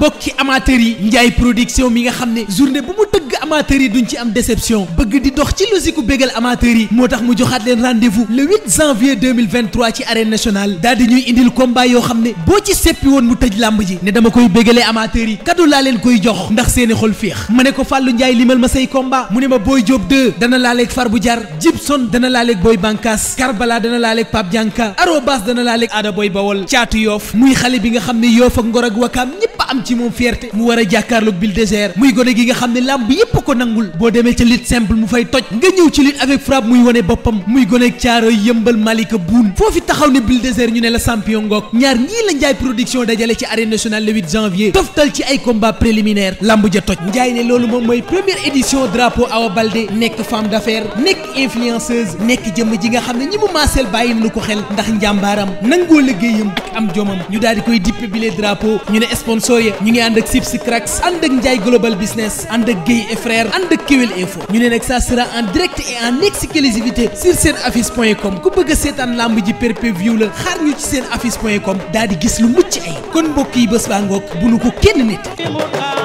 mbokki amateurs yi Ndiaye production mi nga xam ne journée bu mu tëgg amateurs yi duñ ci am déception bëgg di dox ci logique ku bégal yi moo tax mu joxaat leen rendez-vous le 8 janvier 2023 ci arène nationale daal di ñuy indil combat yoo xam ne boo ci seppi woon mu tëj làmb ji ne dama koy bégalee amateurs yi kaddu laa leen koy jox ndax seeni xol féex ma ne ko Fallou Ndiaye limal ma say combat mu ne ma Boy Diop 2 dana laaleeg bu Diar Gibson dana laaleeg Boy Bankas Karbala dana laaleeg Pape Dianka Arobas dana laaleeg Ada Boy Bawol caatu yoof muy xale bi nga xam ne yoof ak ngor ak wakaam am ci moom fierté mu war a jàkkaarloog Bill Désert muy gone gi nga xam ne làmb yépp ko nangul boo demee ca lutte simple mu fay toj nga ñëw ci lutte avec frappe muy wane boppam muy gone caaro yëmbal Malika Buun foofu taxaw ne Bill Désert ñu ne la champion ngoog ñaar ñii la Njaay production dajale ci arène nationale le 8 janvier toftal ci ay combat préliminaire làmb ja toj Njaay ne loolu moom mooy première édition drapeau Awa Baldé nekk femme d'affaires nekk influenceuse ji nga xam ne ñi mu bàyyi nañu ko xel ndax njàmbaaram nangoo liggéeyam am jomam ñu daal di koy dippe bile drapeau ñu ne sponsor ya ñu ngi ànd ak Sipsi Cracks ànd ak Ndiaye Global Business ànd ak Guèye et frère ak Kewel Info ñu ne nag ça sera en direct et en exclusivité sur seen affiche point ku bëgg a seetaan lamb ji pay-per-view la xaar ñu ci seen affiche point com daal di gis lu mucc ay kon mbokk yi bés baa ngoog bu nu ko kenn nit